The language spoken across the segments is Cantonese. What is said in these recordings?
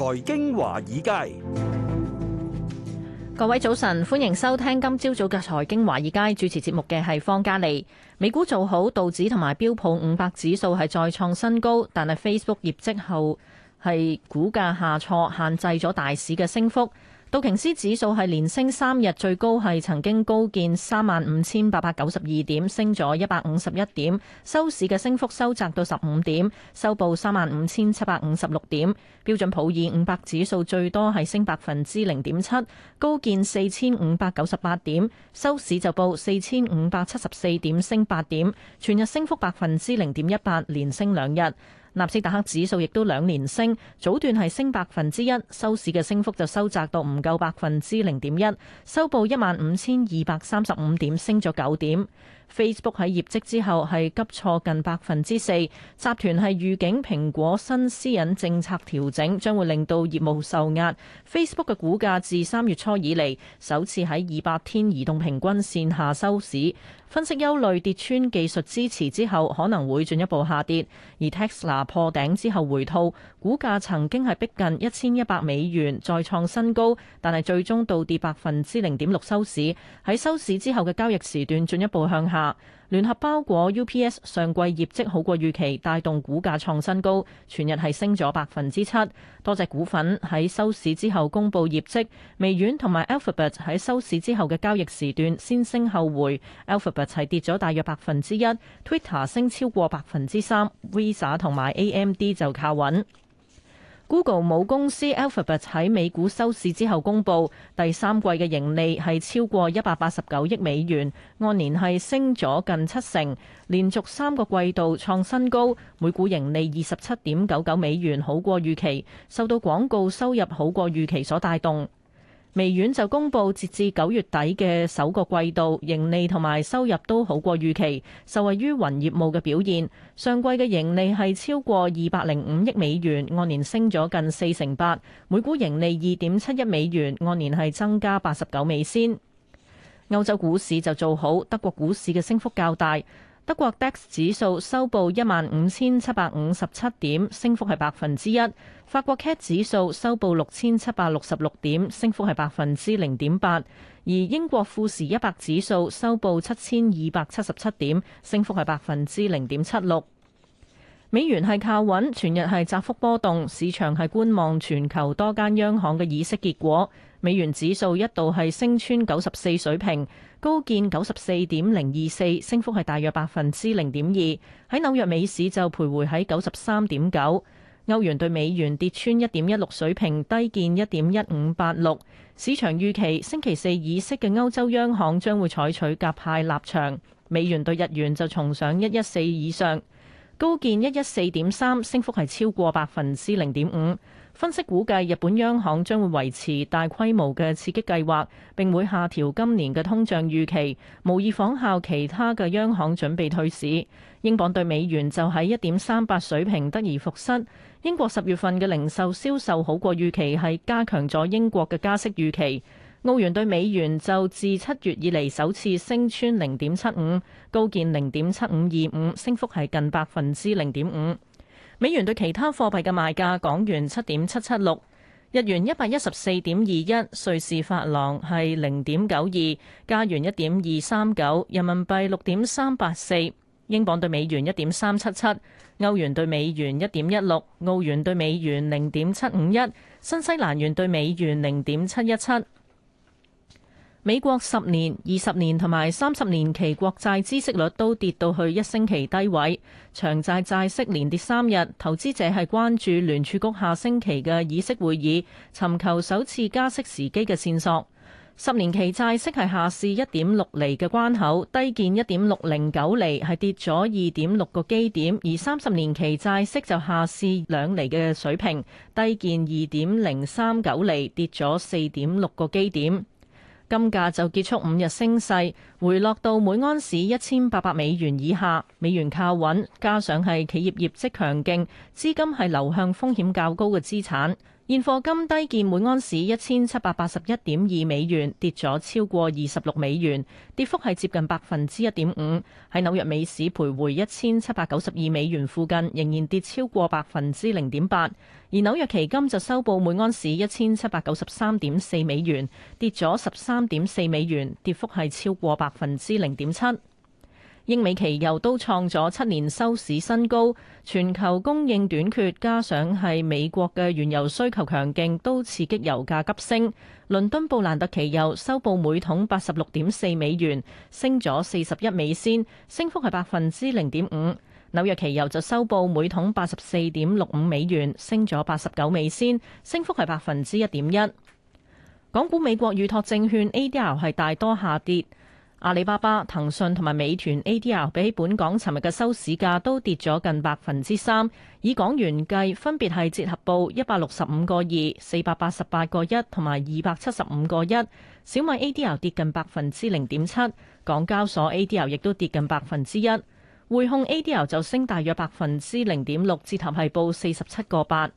財經華爾街，各位早晨，歡迎收聽今朝早嘅財經華爾街。主持節目嘅係方嘉利。美股做好，道指同埋標普五百指數係再創新高，但係 Facebook 業績後係股價下挫，限制咗大市嘅升幅。道瓊斯指數係連升三日，最高係曾經高見三萬五千八百九十二點，升咗一百五十一點，收市嘅升幅收窄到十五點，收報三萬五千七百五十六點。標準普爾五百指數最多係升百分之零點七，高見四千五百九十八點，收市就報四千五百七十四點，升八點，全日升幅百分之零點一八，連升兩日。納斯達克指數亦都兩年升，早段係升百分之一，收市嘅升幅就收窄到唔夠百分之零點一，收報一萬五千二百三十五點，升咗九點。Facebook 喺業績之後係急挫近百分之四，集團係預警蘋果新私隱政策調整將會令到業務受壓。Facebook 嘅股價自三月初以嚟首次喺二百天移動平均線下收市，分析憂慮跌穿技術支持之後可能會進一步下跌。而 Tesla 破頂之後回吐，股價曾經係逼近一千一百美元再創新高，但係最終倒跌百分之零點六收市。喺收市之後嘅交易時段進一步向下。聯合包裹 UPS 上季業績好過預期，帶動股價創新高，全日係升咗百分之七。多隻股份喺收市之後公布業績，微軟同埋 Alphabet 喺收市之後嘅交易時段先升後回，Alphabet 係跌咗大約百分之一，Twitter 升超過百分之三，Visa 同埋 AMD 就靠穩。Google 母公司 Alphabet 喺美股收市之後公佈第三季嘅盈利係超過一百八十九億美元，按年係升咗近七成，連續三個季度創新高，每股盈利二十七點九九美元，好過預期，受到廣告收入好過預期所帶動。微軟就公布截至九月底嘅首個季度盈利同埋收入都好過預期，受惠於雲業務嘅表現。上季嘅盈利係超過二百零五億美元，按年升咗近四成八，每股盈利二點七一美元，按年係增加八十九美仙。歐洲股市就做好，德國股市嘅升幅較大。德國 DAX 指數收報一萬五千七百五十七點，升幅係百分之一。法國 CAC 指數收報六千七百六十六點，升幅係百分之零點八。而英國富時一百指數收報七千二百七十七點，升幅係百分之零點七六。美元係靠穩，全日係窄幅波動，市場係觀望全球多間央行嘅議息結果。美元指數一度係升穿九十四水平，高見九十四點零二四，升幅係大約百分之零點二。喺紐約美市就徘徊喺九十三點九。歐元兌美元跌穿一點一六水平，低見一點一五八六。市場預期星期四議息嘅歐洲央行將會採取鴿派立場。美元兌日元就重上一一四以上。高見一一四點三，升幅係超過百分之零點五。分析估計，日本央行將會維持大規模嘅刺激計劃，並會下調今年嘅通脹預期，無意仿效其他嘅央行準備退市。英鎊兌美元就喺一點三八水平得而復失。英國十月份嘅零售銷售好過預期，係加強咗英國嘅加息預期。澳元對美元就自七月以嚟首次升穿零點七五，高見零點七五二五，升幅係近百分之零點五。美元對其他貨幣嘅賣價：港元七點七七六，日元一百一十四點二一，瑞士法郎係零點九二，加元一點二三九，人民幣六點三八四，英鎊對美元一點三七七，歐元對美元一點一六，澳元對美元零點七五一，新西蘭元對美元零點七一七。美國十年、二十年同埋三十年期國債孳息率都跌到去一星期低位，長債債息連跌三日。投資者係關注聯儲局下星期嘅議息會議，尋求首次加息時機嘅線索。十年期債息係下試一點六厘嘅關口，低見一點六零九厘，係跌咗二點六個基點；而三十年期債息就下試兩厘嘅水平，低見二點零三九厘，跌咗四點六個基點。金價就結束五日升勢，回落到每安士一千八百美元以下。美元靠穩，加上係企業業績強勁，資金係流向風險較高嘅資產。現貨金低見每盎司一千七百八十一點二美元，跌咗超過二十六美元，跌幅係接近百分之一點五。喺紐約美市徘徊一千七百九十二美元附近，仍然跌超過百分之零點八。而紐約期金就收報每盎司一千七百九十三點四美元，跌咗十三點四美元，跌幅係超過百分之零點七。英美期油都創咗七年收市新高，全球供應短缺加上係美國嘅原油需求強勁，都刺激油價急升。倫敦布蘭特期油收報每桶八十六點四美元，升咗四十一美仙，升幅係百分之零點五。紐約期油就收報每桶八十四點六五美元，升咗八十九美仙，升幅係百分之一點一。港股美國預託證券 ADR 係大多下跌。阿里巴巴、騰訊同埋美團 ADR 比起本港尋日嘅收市價都跌咗近百分之三，以港元計分別係折合報一百六十五個二、四百八十八個一同埋二百七十五個一。小米 ADR 跌近百分之零點七，港交所 ADR 亦都跌近百分之一，匯控 ADR 就升大約百分之零點六，折合係報四十七個八。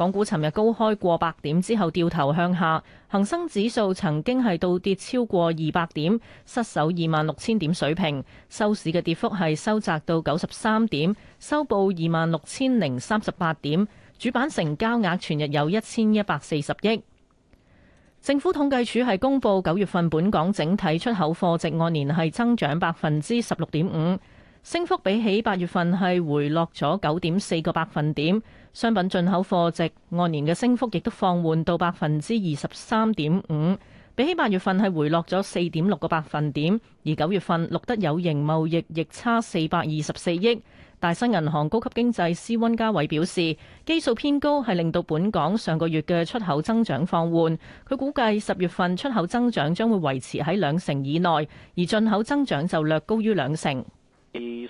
港股尋日高開過百點之後掉頭向下，恒生指數曾經係倒跌超過二百點，失守二萬六千點水平。收市嘅跌幅係收窄到九十三點，收報二萬六千零三十八點。主板成交額全日有一千一百四十億。政府統計處係公布九月份本港整體出口貨值按年係增長百分之十六點五，升幅比起八月份係回落咗九點四個百分點。商品進口貨值按年嘅升幅亦都放緩到百分之二十三點五，比起八月份係回落咗四點六個百分點。而九月份錄得有形貿易逆差四百二十四億。大新銀行高級經濟師温家偉表示，基數偏高係令到本港上個月嘅出口增長放緩。佢估計十月份出口增長將會維持喺兩成以內，而進口增長就略高於兩成。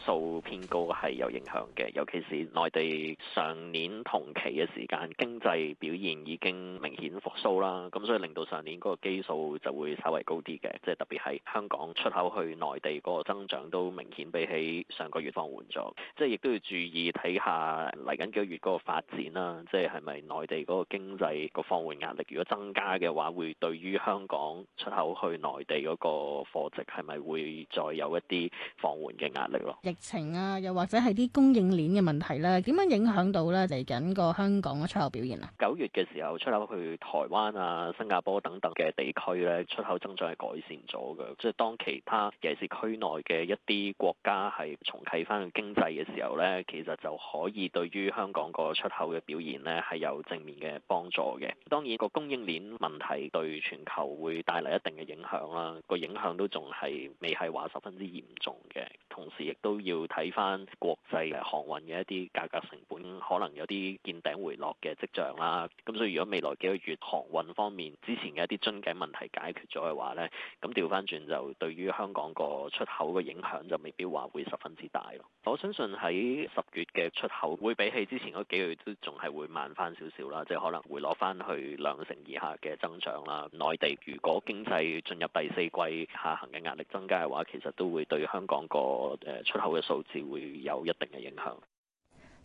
數偏高係有影響嘅，尤其是內地上年同期嘅時間經濟表現已經明顯復甦啦，咁所以令到上年嗰個基數就會稍為高啲嘅，即係特別係香港出口去內地嗰個增長都明顯比起上個月放緩咗，即係亦都要注意睇下嚟緊幾個月嗰個發展啦，即係係咪內地嗰個經濟個放緩壓力如果增加嘅話，會對於香港出口去內地嗰個貨值係咪會再有一啲放緩嘅壓力咯？疫情啊，又或者係啲供應鏈嘅問題咧，點樣影響到咧嚟緊個香港嘅出口表現啊？九月嘅時候，出口去台灣啊、新加坡等等嘅地區咧，出口增長係改善咗嘅。即係當其他尤其是區內嘅一啲國家係重啟翻經濟嘅時候咧，其實就可以對於香港個出口嘅表現咧係有正面嘅幫助嘅。當然個供應鏈問題對全球會帶嚟一定嘅影響啦，個影響都仲係未係話十分之嚴重嘅，同時亦都。要睇翻國際航運嘅一啲價格成本，可能有啲見頂回落嘅跡象啦。咁所以如果未來幾個月航運方面之前嘅一啲樽頸問題解決咗嘅話呢，咁調翻轉就對於香港個出口嘅影響就未必話會十分之大咯。我相信喺十月嘅出口會比起之前嗰幾個月都仲係會慢翻少少啦，即係可能會攞翻去兩成以下嘅增長啦。內地如果經濟進入第四季下行嘅壓力增加嘅話，其實都會對香港個誒出口。嘅數字會有一定嘅影響。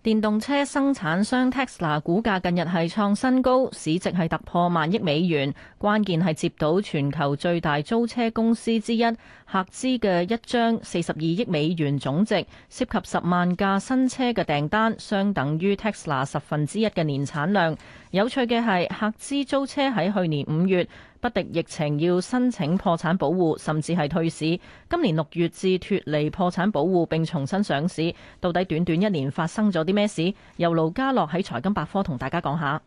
電動車生產商 Tesla 股價近日係創新高，市值係突破萬億美元。關鍵係接到全球最大租車公司之一赫茲嘅一張四十二億美元總值，涉及十萬架新車嘅訂單，相等於 Tesla 十分之一嘅年產量。有趣嘅係，赫茲租車喺去年五月，不敵疫情要申請破產保護，甚至係退市。今年六月至脫離破產保護並重新上市，到底短短一年發生咗啲咩事？由盧家樂喺財金百科同大家講下。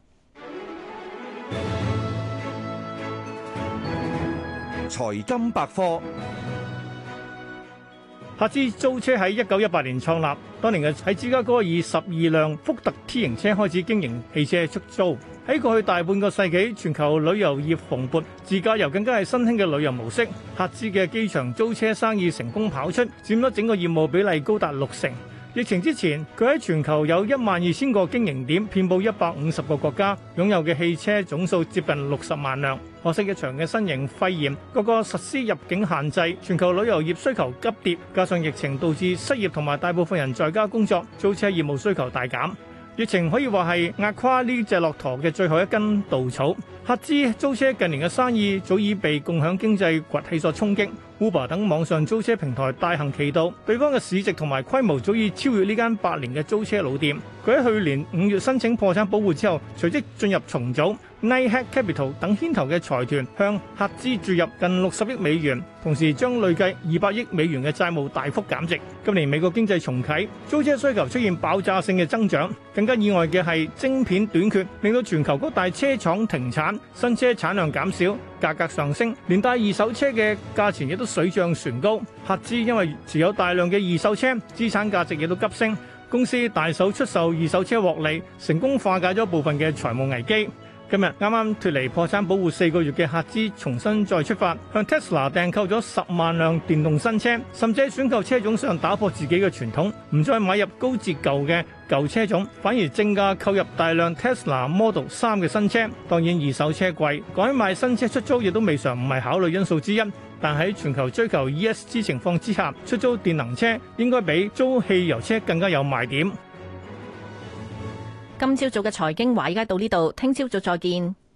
財金百科，赫茲租車喺一九一八年創立，當年嘅喺芝加哥以十二輛福特 T 型車開始經營汽車出租。喺過去大半個世紀，全球旅遊業蓬勃，自駕遊更加係新興嘅旅遊模式。客資嘅機場租車生意成功跑出，佔咗整個業務比例高達六成。疫情之前，佢喺全球有一萬二千個經營點，遍佈一百五十個國家，擁有嘅汽車總數接近六十萬輛。可惜一場嘅新型肺炎，個個實施入境限制，全球旅遊業需求急跌，加上疫情導致失業同埋大部分人在家工作，租車業務需求大減。疫情可以話係壓垮呢隻駱駝嘅最後一根稻草。赫茲租車近年嘅生意早已被共享經濟崛起所衝擊，Uber 等網上租車平台大行其道，對方嘅市值同埋規模早已超越呢間百年嘅租車老店。佢喺去年五月申請破產保護之後，隨即進入重組，Knighthead Capital 等牽頭嘅財團向赫茲注入近六十億美元，同時將累計二百億美元嘅債務大幅減值。今年美國經濟重啟，租車需求出現爆炸性嘅增長，更加意外嘅係晶片短缺令到全球各大車廠停產。新車產量減少，價格上升，連帶二手車嘅價錢亦都水漲船高。客資因為持有大量嘅二手車，資產價值亦都急升，公司大手出售二手車獲利，成功化解咗部分嘅財務危機。今日啱啱脫離破產保護四個月嘅客資重新再出發，向 Tesla 訂購咗十萬輛電動新車，甚至喺選購車種上打破自己嘅傳統，唔再買入高折舊嘅舊車種，反而正價購入大量 Tesla Model 三嘅新車。當然二手車貴，改賣新車出租亦都未嘗唔係考慮因素之一。但喺全球追求 ESG 情況之下，出租電能車應該比租汽油車更加有賣點。今朝早嘅財經華爾街到呢度，聽朝早再見。